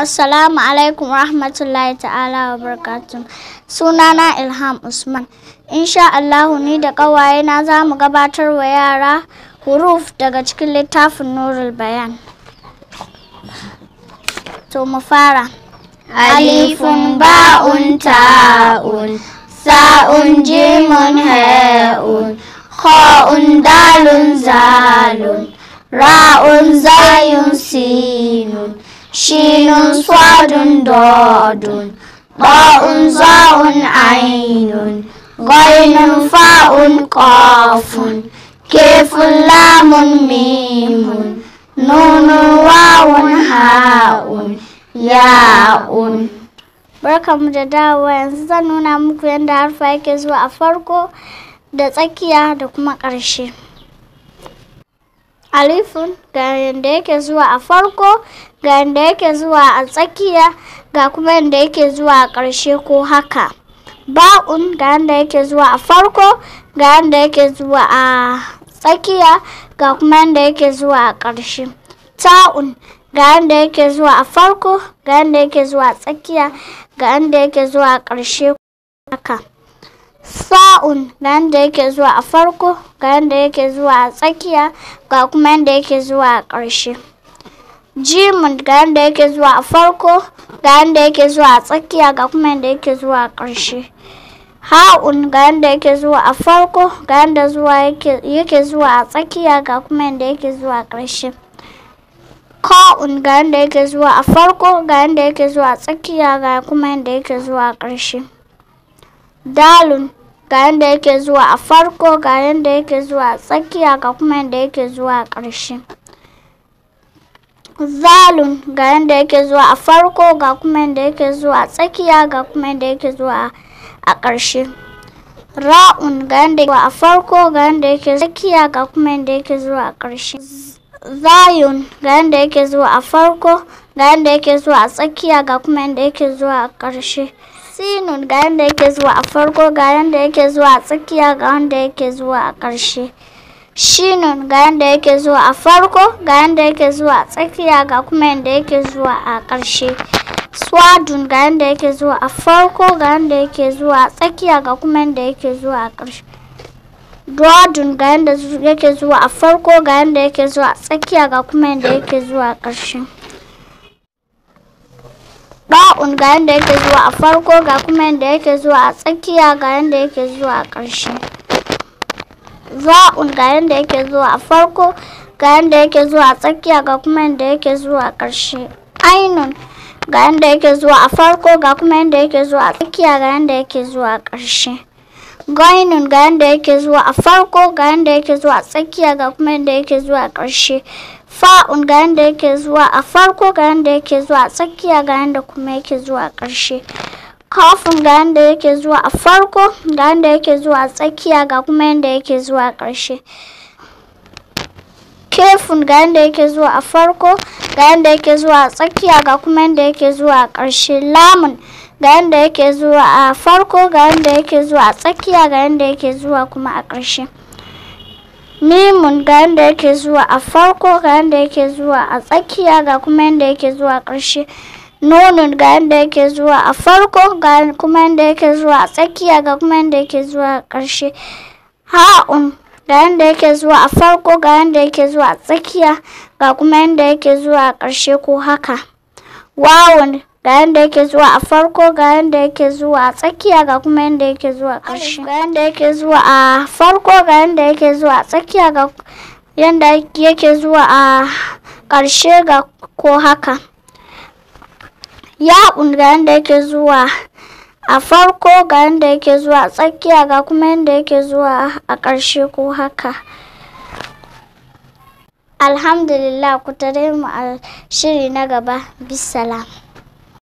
Assalamu alaikum rahmatullahi ta'ala wa barakatun. Sunana Ilham Usman. Insha Allahu ni da kawaye na za mu gabatar wa yara huruf daga cikin littafin Nurul Bayan. To mu fara. Alifun ba'un ta'un sa'un jimun ha'un kha'un dalun zalun ra'un zayun si schien uns fort und dort und bau und sah und ein und rollen und fahr und kauf und da dawowa yanzu zan nuna muku yadda harfa yake zuwa a farko da tsakiya da kuma ƙarshe. alifun ga yadda yake zuwa a farko ga yadda yake zuwa a tsakiya ga kuma yadda yake zuwa a ƙarshe ko haka ba'un ga yadda yake zuwa a farko ga yadda yake zuwa a tsakiya ga kuma yadda yake zuwa a ƙarshe ta'un ga yadda yake zuwa a farko ga yadda yake zuwa a tsakiya ga yadda yake zuwa a ƙarshe haka sa'un ga yadda yake zuwa a farko ga yadda yake zuwa a tsakiya ga kuma yadda yake zuwa a ƙarshe jimin ga yadda yake zuwa a farko ga yadda yake zuwa a tsakiya ga kuma yadda yake zuwa a ƙarshe ha'un ga yadda yake zuwa a farko ga yadda yake zuwa a tsakiya ga kuma yadda yake zuwa a ƙarshe ka'un ga yadda yake zuwa a farko ga yadda yake zuwa a tsakiya ga kuma yadda yake zuwa a ƙarshe dalun ga yadda yake zuwa a farko ga yadda yake zuwa a tsakiya ga kuma yadda yake zuwa a ƙarshe zalun ga yadda yake zuwa a farko ga kuma yadda yake zuwa a tsakiya ga kuma yadda yake zuwa a ƙarshe ra'un ga yadda yake a farko ga yadda yake tsakiya ga kuma yadda yake zuwa a ƙarshe zayun ga yadda yake zuwa a farko ga yadda yake zuwa a tsakiya ga kuma yadda yake zuwa a ƙarshe sinun ga yanda yake zuwa a farko ga yanda yake zuwa a tsakiya ga yanda yake zuwa a ƙarshe shinun ga yanda yake zuwa a farko ga yanda yake zuwa a tsakiya ga kuma yanda yake zuwa a ƙarshe swadun ga yanda yake zuwa a farko ga yanda yake zuwa a tsakiya ga kuma yanda yake zuwa a ƙarshe dwadun ga yanda yake zuwa a farko ga yanda yake zuwa a tsakiya ga kuma yanda yake zuwa a ƙarshe ɗa'un ga yadda yake zuwa a farko ga kuma yadda yake zuwa a tsakiya ga yadda yake zuwa a ƙarshe za'un ga yadda yake zuwa a farko ga yadda yake zuwa a tsakiya ga kuma yadda yake zuwa a ƙarshe ainun ga yadda yake zuwa a farko ga kuma yadda yake zuwa a tsakiya ga yadda yake zuwa a ƙarshe gainun ga yadda yake zuwa a farko ga yadda yake zuwa a tsakiya ga kuma yadda yake zuwa a ƙarshe fa'un ga yanda yake zuwa a farko ga yanda yake zuwa a tsakiya ga yanda kuma yake zuwa a ƙarshe kafin ga yanda yake zuwa a farko ga yanda yake zuwa a tsakiya ga kuma yanda yake zuwa a ƙarshe kefin ga yanda yake zuwa a farko ga yanda yake zuwa a tsakiya ga kuma yanda yake zuwa a ƙarshe lamun ga yanda yake zuwa a farko ga yanda yake zuwa a tsakiya ga yanda yake zuwa kuma a ƙarshe mimun ga yadda yake zuwa a farko ga yadda yake zuwa a tsakiya ga kuma yadda yake zuwa ƙarshe nunun ga yadda yake zuwa a farko ga kuma yadda yake zuwa a tsakiya ga kuma yadda yake zuwa ƙarshe ha'un ga yadda yake zuwa a farko ga yadda yake zuwa a tsakiya ga kuma yadda yake zuwa a ƙarshe ko haka wawon ga yanda yake zuwa a farko ga yanda yake zuwa a tsakiya ga kuma yanda yake zuwa a ƙarshe ga yanda yake zuwa a farko ga yanda yake zuwa a tsakiya ga yanda yake zuwa a ƙarshe ga ko haka yaƙun ga yanda yake zuwa a farko ga yanda yake zuwa a tsakiya ga kuma yanda yake zuwa a ƙarshe ko haka alhamdulillah ku tare mu a shiri na gaba bisalam